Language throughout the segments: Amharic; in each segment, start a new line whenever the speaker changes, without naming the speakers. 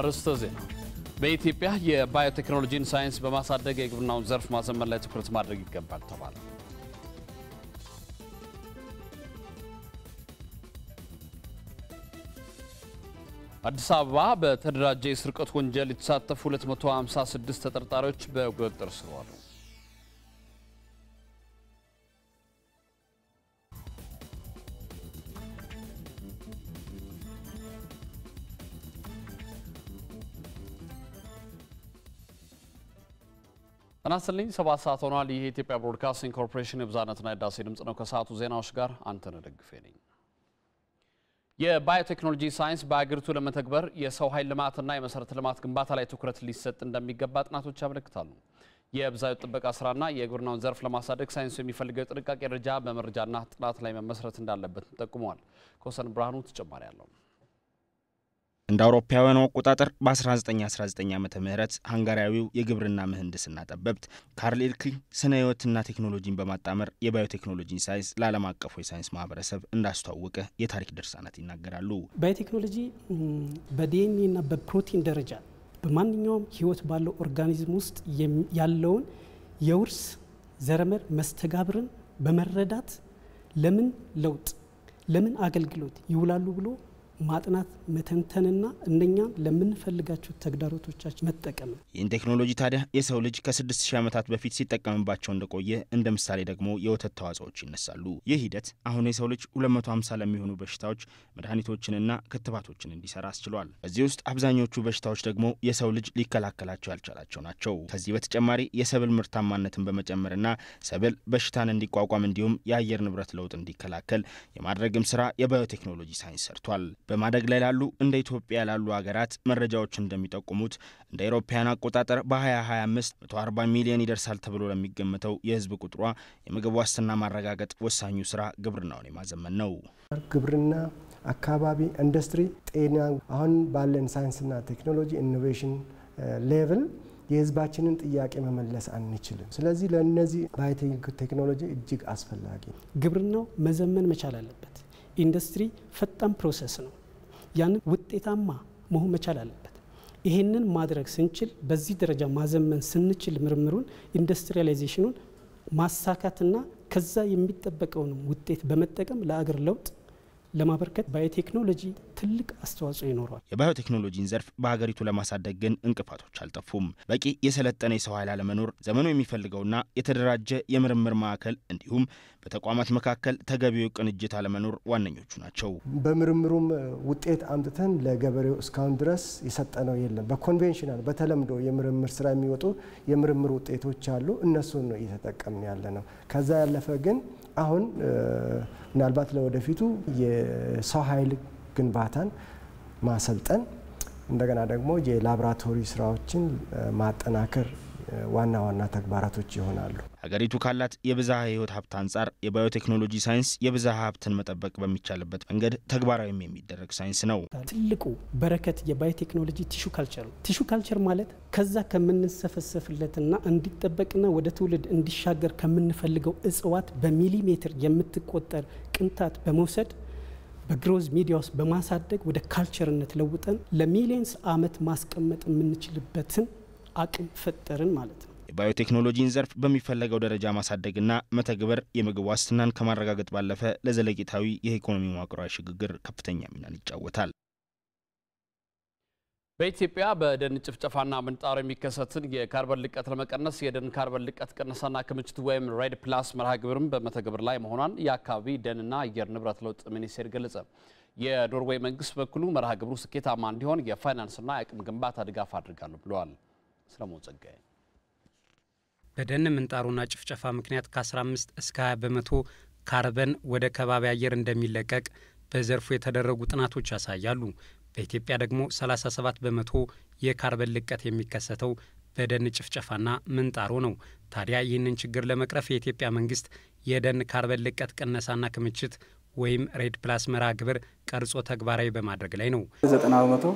አርስተ ዜና በኢትዮጵያ የባዮቴክኖሎጂን ሳይንስ በማሳደግ የግብርናውን ዘርፍ ማዘመን ላይ ትኩረት ማድረግ ይገባል ተባለ። አዲስ አበባ በተደራጀ የስርቀት ወንጀል የተሳተፉ 256 ተጠርጣሪዎች በቁጥጥር ስር ዋሉ። ጤና ይስጥልኝ። ሰባት ሰዓት ሆኗል። ይህ የኢትዮጵያ ብሮድካስቲንግ ኮርፖሬሽን የብዛነትና የዳሴ ድምፅ ነው። ከሰዓቱ ዜናዎች ጋር አንተነህ ደግፌ ነኝ። የባዮቴክኖሎጂ ሳይንስ በአገሪቱ ለመተግበር የሰው ኃይል ልማትና የመሰረተ ልማት ግንባታ ላይ ትኩረት ሊሰጥ እንደሚገባ ጥናቶች ያመለክታሉ። የብዛዩ ጥበቃ ስራና የግብርናውን ዘርፍ ለማሳደግ ሳይንሱ የሚፈልገው ጥንቃቄ ደረጃ በመረጃና ጥናት ላይ መመስረት እንዳለበትም ጠቁመዋል። ኮሰን ብርሃኑ ተጨማሪ አለው። እንደ አውሮፓውያኑ አቆጣጠር በ1919 ዓ ም ሃንጋሪያዊው የግብርና ምህንድስና ጠበብት ካርል ኢልክ ስነ ህይወትና ቴክኖሎጂን በማጣመር የባዮቴክኖሎጂን ሳይንስ ለዓለም አቀፉ የሳይንስ ማህበረሰብ እንዳስተዋወቀ የታሪክ ድርሳናት ይናገራሉ።
ባዮቴክኖሎጂ በዲኤንኤ በፕሮቲን ደረጃ በማንኛውም ህይወት ባለው ኦርጋኒዝም ውስጥ ያለውን የውርስ ዘረመር መስተጋብርን በመረዳት ለምን ለውጥ ለምን አገልግሎት ይውላሉ ብሎ ማጥናት መተንተንና እንደኛ ለምንፈልጋቸው ተግዳሮቶቻችን መጠቀም ነው።
ይህን ቴክኖሎጂ ታዲያ የሰው ልጅ ከ6000 ዓመታት በፊት ሲጠቀምባቸው እንደቆየ እንደ ምሳሌ ደግሞ የወተት ተዋጽኦዎች ይነሳሉ። ይህ ሂደት አሁን የሰው ልጅ 250 ለሚሆኑ በሽታዎች መድኃኒቶችንና ክትባቶችን እንዲሰራ አስችሏል። በዚህ ውስጥ አብዛኞቹ በሽታዎች ደግሞ የሰው ልጅ ሊከላከላቸው ያልቻላቸው ናቸው። ከዚህ በተጨማሪ የሰብል ምርታማነትን በመጨመርና ሰብል በሽታን እንዲቋቋም እንዲሁም የአየር ንብረት ለውጥ እንዲከላከል የማድረግም ስራ የባዮቴክኖሎጂ ሳይንስ ሰርቷል። በማደግ ላይ ላሉ እንደ ኢትዮጵያ ላሉ ሀገራት መረጃዎች እንደሚጠቁሙት እንደ አውሮፓውያን አቆጣጠር በ2025 140 ሚሊዮን ይደርሳል ተብሎ ለሚገመተው የህዝብ ቁጥሯ የምግብ ዋስትና ማረጋገጥ ወሳኙ ስራ ግብርናውን የማዘመን ነው።
ግብርና፣ አካባቢ፣ ኢንዱስትሪ፣ ጤና አሁን ባለን ሳይንስና ቴክኖሎጂ ኢኖቬሽን ሌቭል የህዝባችንን ጥያቄ መመለስ አንችልም። ስለዚህ ለእነዚህ ቴክኖሎጂ እጅግ አስፈላጊ ግብርናው መዘመን መቻል አለበት። ኢንዱስትሪ ፈጣን ፕሮሰስ ነው። ያንን ውጤታማ መሆን መቻል አለበት። ይህንን ማድረግ ስንችል፣ በዚህ ደረጃ ማዘመን ስንችል ምርምሩን ኢንዱስትሪያላይዜሽኑን ማሳካትና ከዛ የሚጠበቀውን ውጤት በመጠቀም ለአገር ለውጥ ለማበርከት ባዮቴክኖሎጂ ትልቅ አስተዋጽኦ ይኖረዋል። የባዮቴክኖሎጂን ዘርፍ በሀገሪቱ ለማሳደግ ግን እንቅፋቶች አልጠፉም። በቂ የሰለጠነ የሰው ኃይል አለመኖር፣ ዘመኑ የሚፈልገውና የተደራጀ የምርምር ማዕከል እንዲሁም በተቋማት መካከል ተገቢው ቅንጅት አለመኖር ዋነኞቹ ናቸው። በምርምሩም ውጤት አምጥተን ለገበሬው እስካሁን ድረስ የሰጠነው የለም። በኮንቬንሽናል በተለምዶ የምርምር ስራ የሚወጡ የምርምር ውጤቶች አሉ። እነሱን ነው እየተጠቀምን ያለ ነው። ከዛ ያለፈ ግን አሁን ምናልባት ለወደፊቱ የሰው ኃይል ግንባታን ማሰልጠን እንደገና ደግሞ የላብራቶሪ ስራዎችን ማጠናከር ዋና ዋና ተግባራቶች ይሆናሉ። ሀገሪቱ ካላት የብዝሃ ህይወት ሀብት አንጻር የባዮቴክኖሎጂ ሳይንስ የብዝሃ ሀብትን መጠበቅ በሚቻልበት መንገድ ተግባራዊም የሚደረግ ሳይንስ ነው። ትልቁ በረከት የባዮቴክኖሎጂ ቲሹ ካልቸር ነው። ቲሹ ካልቸር ማለት ከዛ ከምንሰፈሰፍለትና እንዲጠበቅና ወደ ትውልድ እንዲሻገር ከምንፈልገው እጽዋት በሚሊሜትር የምትቆጠር ቅንጣት በመውሰድ በግሮዝ ሚዲያ ውስጥ በማሳደግ ወደ ካልቸርነት ለውጠን ለሚሊየንስ ዓመት ማስቀመጥ የምንችልበትን አቅም ፈጠርን ማለት ነው። የባዮቴክኖሎጂን ዘርፍ በሚፈለገው ደረጃ ማሳደግና መተግበር የምግብ ዋስትናን ከማረጋገጥ ባለፈ ለዘለቂታዊ የኢኮኖሚ መዋቅራዊ ሽግግር ከፍተኛ ሚናን ይጫወታል።
በኢትዮጵያ በደን ጭፍጨፋና ምንጣሮ የሚከሰትን የካርበን ልቀት ለመቀነስ የደን ካርበን ልቀት ቅነሳና ክምችት ወይም ሬድ ፕላስ መርሃ ግብርም በመተግበር ላይ መሆኗን የአካባቢ ደንና አየር ንብረት ለውጥ ሚኒስቴር ገለጸ። የኖርዌይ መንግስት በኩሉ መርሃ ግብሩ ስኬታማ እንዲሆን የፋይናንስና የአቅም ግንባታ ድጋፍ አድርጋሉ ብለዋል። ሰለሞን ጸጋይ በደን ምንጣሩና ጭፍጨፋ ምክንያት ከ15 እስከ 20 በመቶ ካርበን ወደ ከባቢ አየር እንደሚለቀቅ በዘርፉ የተደረጉ ጥናቶች ያሳያሉ። በኢትዮጵያ ደግሞ 37 በመቶ የካርበን ልቀት የሚከሰተው በደን ጭፍጨፋና ምንጣሮ ነው። ታዲያ ይህንን ችግር ለመቅረፍ የኢትዮጵያ መንግስት የደን ካርበን ልቀት ቅነሳና ክምችት ወይም ሬድ ፕላስ መርሃ ግብር ቀርጾ ተግባራዊ በማድረግ ላይ ነው። ዘጠና
በመቶ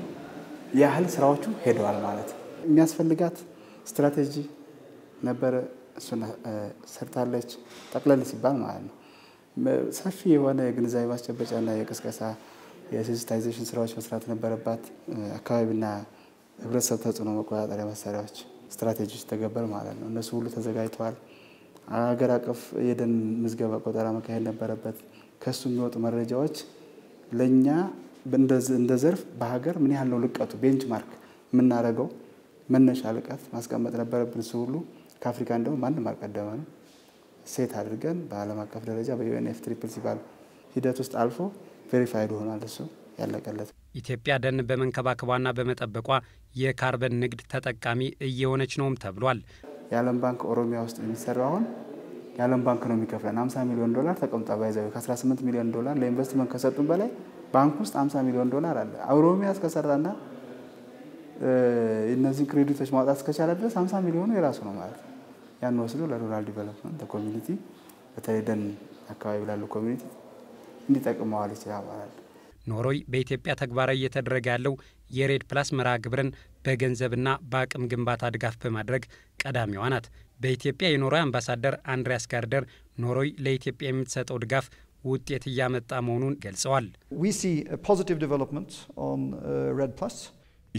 ያህል ስራዎቹ ሄደዋል ማለት የሚያስፈልጋት ስትራቴጂ ነበረ። እሱን ሰርታለች ጠቅለል ሲባል ማለት ነው። ሰፊ የሆነ የግንዛቤ ማስጨበጫና የቅስቀሳ የሴንስታይዜሽን ስራዎች መስራት ነበረባት። አካባቢና ህብረተሰብ ተጽዕኖ መቆጣጠሪያ መሳሪያዎች ስትራቴጂዎች ተገበር ማለት ነው። እነሱ ሁሉ ተዘጋጅተዋል። አገር አቀፍ የደን ምዝገባ ቆጠራ መካሄድ ነበረበት። ከሱ የሚወጡ መረጃዎች ለእኛ እንደ ዘርፍ በሀገር ምን ያህል ነው ልቀቱ ቤንች ማርክ የምናደርገው መነሻ ልቀት ማስቀመጥ ነበረብን። እሱ ሁሉ ከአፍሪካ እንደውም ማንም አልቀደመ ነው ሴት አድርገን በዓለም አቀፍ ደረጃ በዩኤንኤፍ ትሪፕል ሲባል ሂደት ውስጥ አልፎ ቬሪፋይድ ሆኗል። እሱ ያለቀለት ኢትዮጵያ ደን በመንከባከቧና በመጠበቋ የካርበን ንግድ ተጠቃሚ እየሆነች ነውም ተብሏል። የዓለም ባንክ ኦሮሚያ ውስጥ የሚሰራው አሁን የዓለም ባንክ ነው የሚከፍለን 50 ሚሊዮን ዶላር ተቀምጧ ባይዘ ከ18 ሚሊዮን ዶላር ለኢንቨስትመንት ከሰጡን በላይ ባንክ ውስጥ 50 ሚሊዮን ዶላር አለ። ኦሮሚያ እስከሰራና እነዚህ ክሬዲቶች ማውጣት እስከቻለ ድረስ 50 ሚሊዮኑ የራሱ ነው ማለት ነው። ያን ወስዶ ለሩራል ዲቨሎፕመንት ኮሚኒቲ፣ በተለይ ደን አካባቢ ላሉ ኮሚኒቲ እንዲጠቅመዋል ይችላል ኖሮይ በኢትዮጵያ ተግባራዊ እየተደረገ ያለው የሬድ ፕላስ መርሃ ግብርን በገንዘብና በአቅም ግንባታ ድጋፍ በማድረግ ቀዳሚዋ ናት። በኢትዮጵያ የኖሮይ አምባሳደር አንድሪያስ ጋርደር ኖሮይ ለኢትዮጵያ የምትሰጠው ድጋፍ ውጤት እያመጣ መሆኑን ገልጸዋል። uh,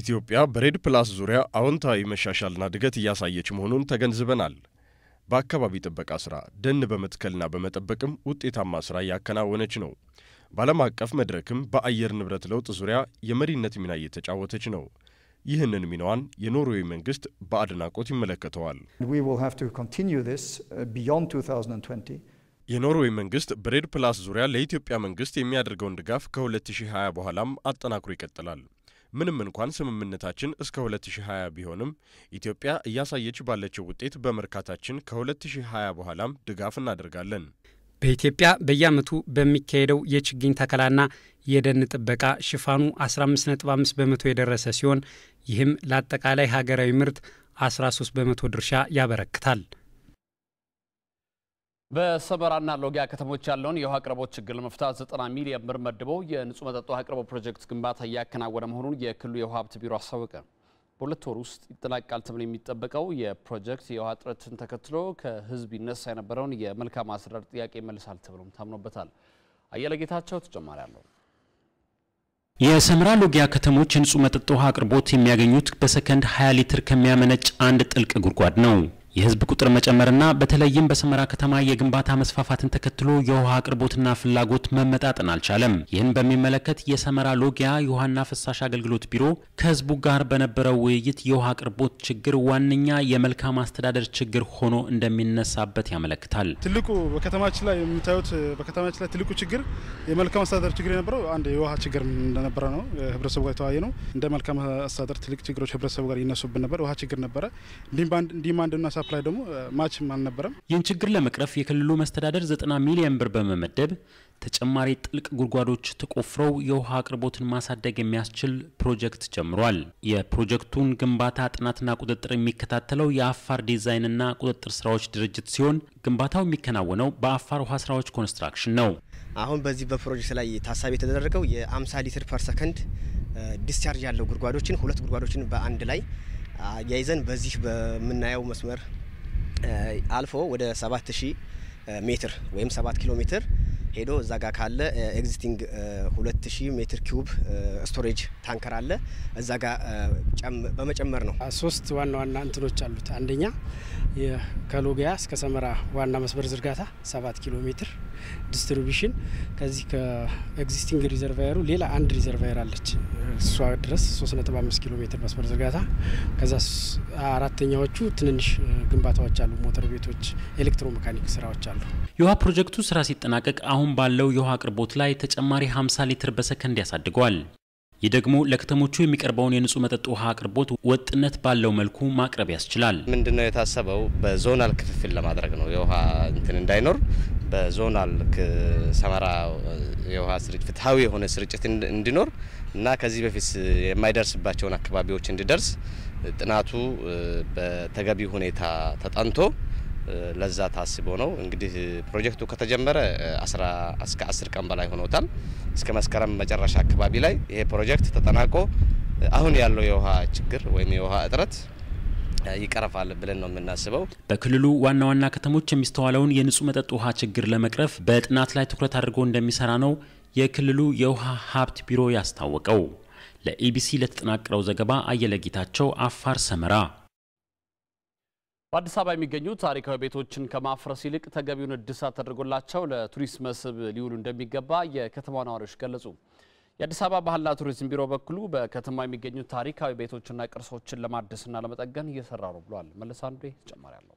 ኢትዮጵያ በሬድ ፕላስ ዙሪያ አዎንታዊ መሻሻልና እድገት እያሳየች መሆኑን ተገንዝበናል። በአካባቢ ጥበቃ ስራ ደን በመትከልና በመጠበቅም ውጤታማ ስራ እያከናወነች ነው። በዓለም አቀፍ መድረክም በአየር ንብረት ለውጥ ዙሪያ የመሪነት ሚና እየተጫወተች ነው። ይህንን ሚናዋን የኖርዌይ መንግስት በአድናቆት ይመለከተዋል። uh, የኖርዌይ መንግስት ብሬድ ፕላስ ዙሪያ ለኢትዮጵያ መንግስት የሚያደርገውን ድጋፍ ከ2020 በኋላም አጠናክሮ ይቀጥላል። ምንም እንኳን ስምምነታችን እስከ 2020 ቢሆንም ኢትዮጵያ እያሳየች ባለችው ውጤት በመርካታችን ከ2020 በኋላም ድጋፍ እናደርጋለን። በኢትዮጵያ በየዓመቱ በሚካሄደው የችግኝ ተከላና የደን ጥበቃ ሽፋኑ 15.5 በመቶ የደረሰ ሲሆን ይህም ለአጠቃላይ ሀገራዊ ምርት 13 በመቶ ድርሻ ያበረክታል።
በሰመራና ሎጊያ ከተሞች ያለውን የውሃ አቅርቦት ችግር ለመፍታት 90 ሚሊዮን ብር መድቦ የንጹህ መጠጥ ውሃ አቅርቦት ፕሮጀክት ግንባታ እያከናወነ መሆኑን የክልሉ የውሃ ሀብት ቢሮ አስታወቀ። በሁለት ወር ውስጥ ይጠናቃል ተብሎ የሚጠበቀው የፕሮጀክት የውሃ እጥረትን ተከትሎ ከህዝብ ይነሳ የነበረውን የመልካም አስተዳደር ጥያቄ ይመልሳል ተብሎም ታምኖበታል። አየለ ጌታቸው ተጨማሪ አለው። የሰመራ ሎጊያ ከተሞች የንጹህ መጠጥ ውሃ አቅርቦት የሚያገኙት በሰከንድ 20 ሊትር ከሚያመነጭ አንድ ጥልቅ ጉድጓድ ነው። የህዝብ ቁጥር መጨመርና በተለይም በሰመራ ከተማ የግንባታ መስፋፋትን ተከትሎ የውሃ አቅርቦትና ፍላጎት መመጣጠን አልቻለም። ይህን በሚመለከት የሰመራ ሎጊያ የውሃና ፍሳሽ አገልግሎት ቢሮ ከህዝቡ ጋር በነበረው ውይይት የውሃ አቅርቦት ችግር ዋነኛ የመልካም አስተዳደር ችግር ሆኖ እንደሚነሳበት ያመለክታል።
ትልቁ በከተማችን ላይ የምታዩት በከተማችን ላይ ትልቁ ችግር የመልካም አስተዳደር ችግር የነበረው አንድ የውሃ ችግር እንደነበረ ነው። ህብረተሰቡ ጋር የተወያየ ነው። እንደ መልካም አስተዳደር ትልቅ ችግሮች ህብረተሰቡ ጋር ይነሱብን ነበር። ውሃ ችግር ነበረ። ዲማንድና ሀፍ ላይ ደግሞ ማችም አልነበረም።
ይህን ችግር ለመቅረፍ የክልሉ መስተዳደር 90 ሚሊዮን ብር በመመደብ ተጨማሪ ጥልቅ ጉድጓዶች ተቆፍረው የውሃ አቅርቦትን ማሳደግ የሚያስችል ፕሮጀክት ጀምሯል። የፕሮጀክቱን ግንባታ ጥናትና ቁጥጥር የሚከታተለው የአፋር ዲዛይንና ቁጥጥር ስራዎች ድርጅት ሲሆን ግንባታው የሚከናወነው በአፋር ውሃ ስራዎች ኮንስትራክሽን ነው። አሁን በዚህ በፕሮጀክት ላይ ታሳቢ የተደረገው የአምሳ ሊትር ፐር ሰከንድ ዲስቻርጅ ያለው ጉድጓዶችን ሁለት ጉድጓዶችን በአንድ ላይ ያይዘን በዚህ በምናየው መስመር አልፎ ወደ 7000 ሜትር ወይም 7 ኪሎ ሜትር ሄዶ እዛ ጋር ካለ ኤግዚስቲንግ 2000 ሜትር ኪዩብ ስቶሬጅ ታንከር አለ እዛ ጋር በመጨመር ነው። ሶስት ዋና ዋና እንትኖች አሉት። አንደኛ ከሎጊያ እስከ ሰመራ ዋና መስመር ዝርጋታ 7 ኪሎ ሜትር ዲስትሪቢሽን ከዚህ ከኤግዚስቲንግ ሪዘርቫየሩ ሌላ አንድ ሪዘርቫየር አለች እሷ ድረስ 35 ኪሎ ሜትር መስመር ዝርጋታ። ከዛ አራተኛዎቹ ትንንሽ ግንባታዎች አሉ፣ ሞተር ቤቶች፣ ኤሌክትሮ ሜካኒክ ስራዎች አሉ። የውሃ ፕሮጀክቱ ስራ ሲጠናቀቅ አሁን ባለው የውሃ አቅርቦት ላይ ተጨማሪ 50 ሊትር በሰከንድ ያሳድገዋል። ይህ ደግሞ ለከተሞቹ የሚቀርበውን የንጹህ መጠጥ ውሃ አቅርቦት ወጥነት ባለው መልኩ ማቅረብ ያስችላል። ምንድነው የታሰበው? በዞናል ክፍፍል ለማድረግ ነው። የውሃ እንትን እንዳይኖር በዞናል ሰመራ የውሃ ስርጭት ፍትሐዊ የሆነ ስርጭት እንዲኖር እና ከዚህ በፊት የማይደርስባቸውን አካባቢዎች እንዲደርስ ጥናቱ በተገቢ ሁኔታ ተጠንቶ ለዛ ታስቦ ነው እንግዲህ ፕሮጀክቱ ከተጀመረ እስከ አስር ቀን በላይ ሆኖታል። እስከ መስከረም መጨረሻ አካባቢ ላይ ይሄ ፕሮጀክት ተጠናቆ አሁን ያለው የውሃ ችግር ወይም የውሃ እጥረት ይቀረፋል ብለን ነው የምናስበው። በክልሉ ዋና ዋና ከተሞች የሚስተዋለውን የንጹህ መጠጥ ውሃ ችግር ለመቅረፍ በጥናት ላይ ትኩረት አድርጎ እንደሚሰራ ነው የክልሉ የውሃ ሀብት ቢሮ ያስታወቀው። ለኢቢሲ ለተጠናቀረው ዘገባ አየለ ጌታቸው አፋር ሰመራ በአዲስ አበባ የሚገኙ ታሪካዊ ቤቶችን ከማፍረስ ይልቅ ተገቢውን እድሳት ተደርጎላቸው ለቱሪስት መስህብ ሊውሉ እንደሚገባ የከተማ ነዋሪዎች ገለጹ። የአዲስ አበባ ባህልና ቱሪዝም ቢሮ በኩሉ በከተማ የሚገኙ ታሪካዊ ቤቶችና ቅርሶችን ለማደስና ለመጠገን እየሰራ ነው ብሏል። መለስ አንዱ ተጨማሪ አለው።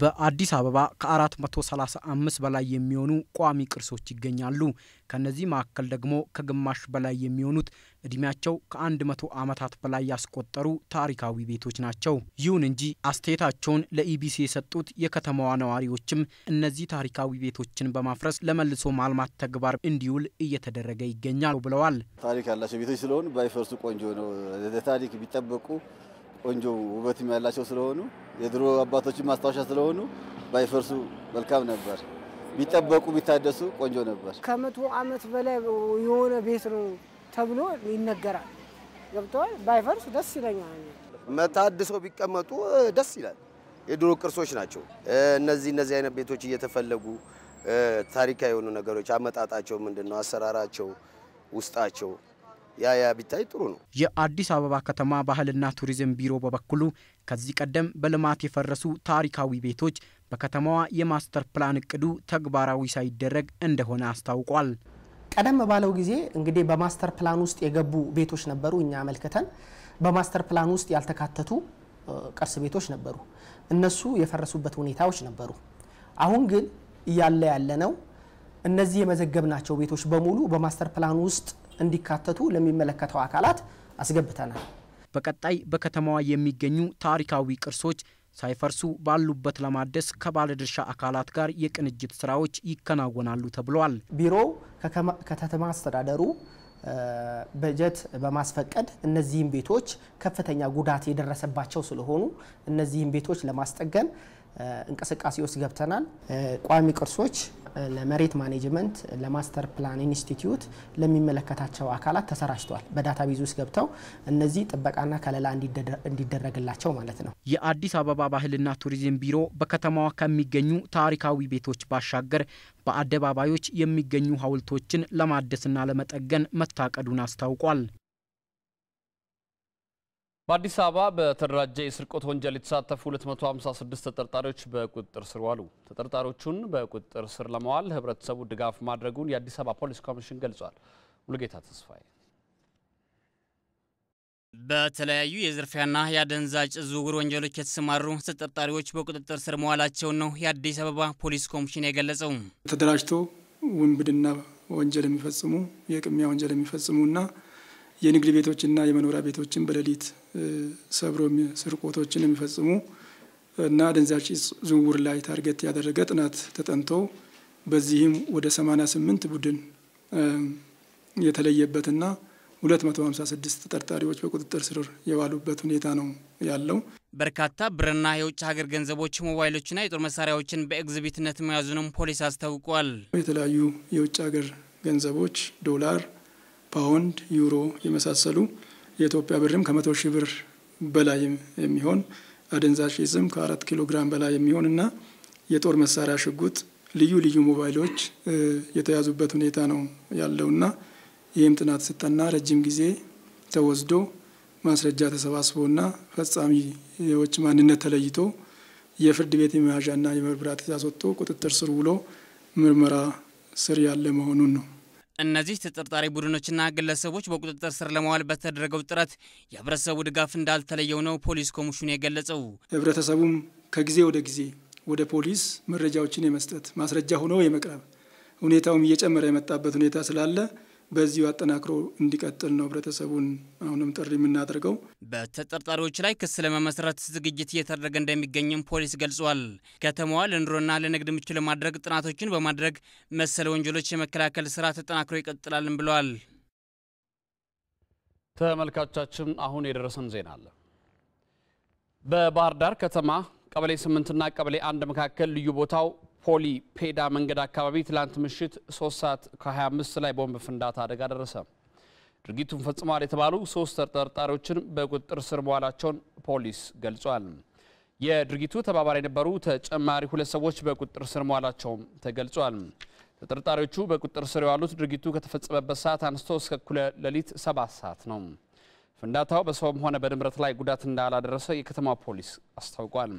በአዲስ አበባ ከ435 በላይ የሚሆኑ ቋሚ ቅርሶች ይገኛሉ። ከነዚህ መካከል ደግሞ ከግማሽ በላይ የሚሆኑት እድሜያቸው ከ100 ዓመታት በላይ ያስቆጠሩ ታሪካዊ ቤቶች ናቸው። ይሁን እንጂ አስተያየታቸውን ለኢቢሲ የሰጡት የከተማዋ ነዋሪዎችም እነዚህ ታሪካዊ ቤቶችን በማፍረስ ለመልሶ ማልማት ተግባር እንዲውል እየተደረገ ይገኛል ብለዋል። ታሪክ ያላቸው ቤቶች ስለሆኑ ባይፈርሱ ቆንጆ ነው። ታሪክ ቢጠበቁ ቆንጆ ውበትም ያላቸው ስለሆኑ የድሮ አባቶችን ማስታወሻ ስለሆኑ ባይፈርሱ መልካም ነበር። ቢጠበቁ ቢታደሱ ቆንጆ ነበር። ከመቶ ዓመት በላይ የሆነ ቤት ነው ተብሎ ይነገራል። ገብተዋል። ባይፈርስ ደስ ይለኛል። መታድሶ ቢቀመጡ ደስ ይላል። የድሮ ቅርሶች ናቸው እነዚህ እነዚህ አይነት ቤቶች እየተፈለጉ ታሪካዊ የሆኑ ነገሮች አመጣጣቸው ምንድን ነው? አሰራራቸው፣ ውስጣቸው ያ ያ ቢታይ ጥሩ ነው። የአዲስ አበባ ከተማ ባህልና ቱሪዝም ቢሮ በበኩሉ ከዚህ ቀደም በልማት የፈረሱ ታሪካዊ ቤቶች በከተማዋ የማስተር ፕላን እቅዱ ተግባራዊ ሳይደረግ እንደሆነ አስታውቋል። ቀደም ባለው ጊዜ እንግዲህ በማስተር ፕላን ውስጥ የገቡ ቤቶች ነበሩ። እኛ አመልክተን በማስተር ፕላን ውስጥ ያልተካተቱ ቅርስ ቤቶች ነበሩ። እነሱ የፈረሱበት ሁኔታዎች ነበሩ። አሁን ግን እያለ ያለ ነው እነዚህ የመዘገብናቸው ቤቶች በሙሉ በማስተር ፕላን ውስጥ እንዲካተቱ ለሚመለከተው አካላት አስገብተናል። በቀጣይ በከተማዋ የሚገኙ ታሪካዊ ቅርሶች ሳይፈርሱ ባሉበት ለማደስ ከባለድርሻ አካላት ጋር የቅንጅት ስራዎች ይከናወናሉ ተብሏል። ቢሮው ከከተማ አስተዳደሩ በጀት በማስፈቀድ እነዚህም ቤቶች ከፍተኛ ጉዳት የደረሰባቸው ስለሆኑ እነዚህም ቤቶች ለማስጠገን እንቅስቃሴ ውስጥ ገብተናል። ቋሚ ቅርሶች ለመሬት ማኔጅመንት ለማስተር ፕላን ኢንስቲትዩት ለሚመለከታቸው አካላት ተሰራጭተዋል። በዳታ ቤዝ ውስጥ ገብተው እነዚህ ጥበቃና ከለላ እንዲደረግላቸው ማለት ነው። የአዲስ አበባ ባህልና ቱሪዝም ቢሮ በከተማዋ ከሚገኙ ታሪካዊ ቤቶች ባሻገር በአደባባዮች የሚገኙ ሐውልቶችን ለማደስና ለመጠገን መታቀዱን አስታውቋል። በአዲስ አበባ በተደራጀ የስርቆት ወንጀል የተሳተፉ 256 ተጠርጣሪዎች በቁጥጥር ስር ዋሉ። ተጠርጣሪዎቹን በቁጥጥር ስር ለመዋል ህብረተሰቡ ድጋፍ ማድረጉን የአዲስ አበባ ፖሊስ ኮሚሽን ገልጿል። ሙሉጌታ ተስፋዬ በተለያዩ የዝርፊያና የአደንዛጭ ዝውውር ወንጀሎች የተሰማሩ ተጠርጣሪዎች በቁጥጥር ስር መዋላቸውን ነው የአዲስ አበባ ፖሊስ ኮሚሽን የገለጸው። ተደራጅቶ ውንብድና ወንጀል የሚፈጽሙ የቅሚያ ወንጀል የሚፈጽሙና የንግድ ቤቶችና የመኖሪያ ቤቶችን በሌሊት ሰብሮ ስርቆቶችን የሚፈጽሙ እና አደንዛዥ ዝውውር ላይ ታርጌት ያደረገ ጥናት ተጠንቶ በዚህም ወደ 88 ቡድን የተለየበትና 256 ተጠርጣሪዎች በቁጥጥር ስር የዋሉበት ሁኔታ ነው ያለው። በርካታ ብርና የውጭ ሀገር ገንዘቦች፣ ሞባይሎችና የጦር መሳሪያዎችን በኤግዚቢትነት መያዙንም ፖሊስ አስታውቋል። የተለያዩ የውጭ ሀገር ገንዘቦች ዶላር፣ ፓውንድ፣ ዩሮ የመሳሰሉ የኢትዮጵያ ብርም ከመቶ ሺህ ብር በላይ የሚሆን አደንዛዥ እጽም ከአራት ኪሎ ግራም በላይ የሚሆን እና የጦር መሳሪያ ሽጉጥ፣ ልዩ ልዩ ሞባይሎች የተያዙበት ሁኔታ ነው ያለውና ይህም ጥናት ስጠና ረጅም ጊዜ ተወስዶ ማስረጃ ተሰባስቦና ፈጻሚዎች ማንነት ተለይቶ የፍርድ ቤት የመያዣና የመብራት ትእዛዝ ወጥቶ ቁጥጥር ስር ውሎ ምርመራ ስር ያለ መሆኑን ነው። እነዚህ ተጠርጣሪ ቡድኖችና ግለሰቦች በቁጥጥር ስር ለመዋል በተደረገው ጥረት የህብረተሰቡ ድጋፍ እንዳልተለየው ነው ፖሊስ ኮሚሽኑ የገለጸው። ህብረተሰቡም ከጊዜ ወደ ጊዜ ወደ ፖሊስ መረጃዎችን የመስጠት ማስረጃ ሆኖ የመቅረብ ሁኔታውም እየጨመረ የመጣበት ሁኔታ ስላለ በዚሁ አጠናክሮ እንዲቀጥል ነው ህብረተሰቡን አሁንም ጥሪ የምናደርገው። በተጠርጣሪዎች ላይ ክስ ለመመስረት ዝግጅት እየተደረገ እንደሚገኝም ፖሊስ ገልጿል። ከተማዋ ለኑሮና ለንግድ ምቹ ለማድረግ ጥናቶችን በማድረግ መሰል ወንጀሎች የመከላከል ስራ ተጠናክሮ ይቀጥላልም ብለዋል። ተመልካቻችን አሁን የደረሰን ዜና አለ። በባህር ዳር ከተማ ቀበሌ ስምንትና ቀበሌ አንድ መካከል ልዩ ቦታው ፖሊ ፔዳ መንገድ አካባቢ ትላንት ምሽት 3 ሰዓት ከ25 ላይ ቦምብ ፍንዳታ አደጋ ደረሰ። ድርጊቱን ፈጽመዋል የተባሉ ሶስት ተጠርጣሪዎችን በቁጥጥር ስር መዋላቸውን ፖሊስ ገልጿል። የድርጊቱ ተባባሪ የነበሩ ተጨማሪ ሁለት ሰዎች በቁጥጥር ስር መዋላቸውም ተገልጿል። ተጠርጣሪዎቹ በቁጥጥር ስር የዋሉት ድርጊቱ ከተፈጸመበት ሰዓት አንስቶ እስከ እኩለ ሌሊት ሰባት ሰዓት ነው። ፍንዳታው በሰውም ሆነ በንብረት ላይ ጉዳት እንዳላደረሰ የከተማ ፖሊስ አስታውቋል።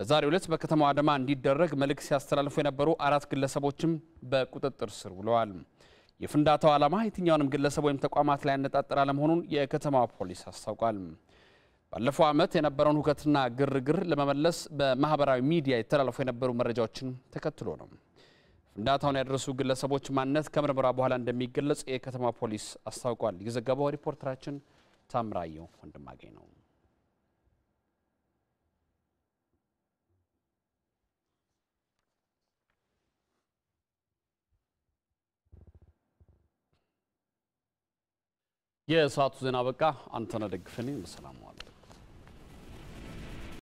በዛሬው ዕለት በከተማዋ አድማ እንዲደረግ መልእክት ሲያስተላልፉ የነበሩ አራት ግለሰቦችም በቁጥጥር ስር ውለዋል። የፍንዳታው ዓላማ የትኛውንም ግለሰብ ወይም ተቋማት ላይ ያነጣጠረ አለመሆኑን የከተማዋ ፖሊስ አስታውቋል። ባለፈው ዓመት የነበረውን ሁከትና ግርግር ለመመለስ በማህበራዊ ሚዲያ የተላለፉ የነበሩ መረጃዎችን ተከትሎ ነው። ፍንዳታውን ያደረሱ ግለሰቦች ማንነት ከምርመራ በኋላ እንደሚገለጽ የከተማ ፖሊስ አስታውቋል። የዘገበው ሪፖርተራችን ታምራየው ወንድማገኝ ነው። የሰዓቱ ዜና በቃ። አንተነህ ደግፈኔ በሰላም ዋሉ።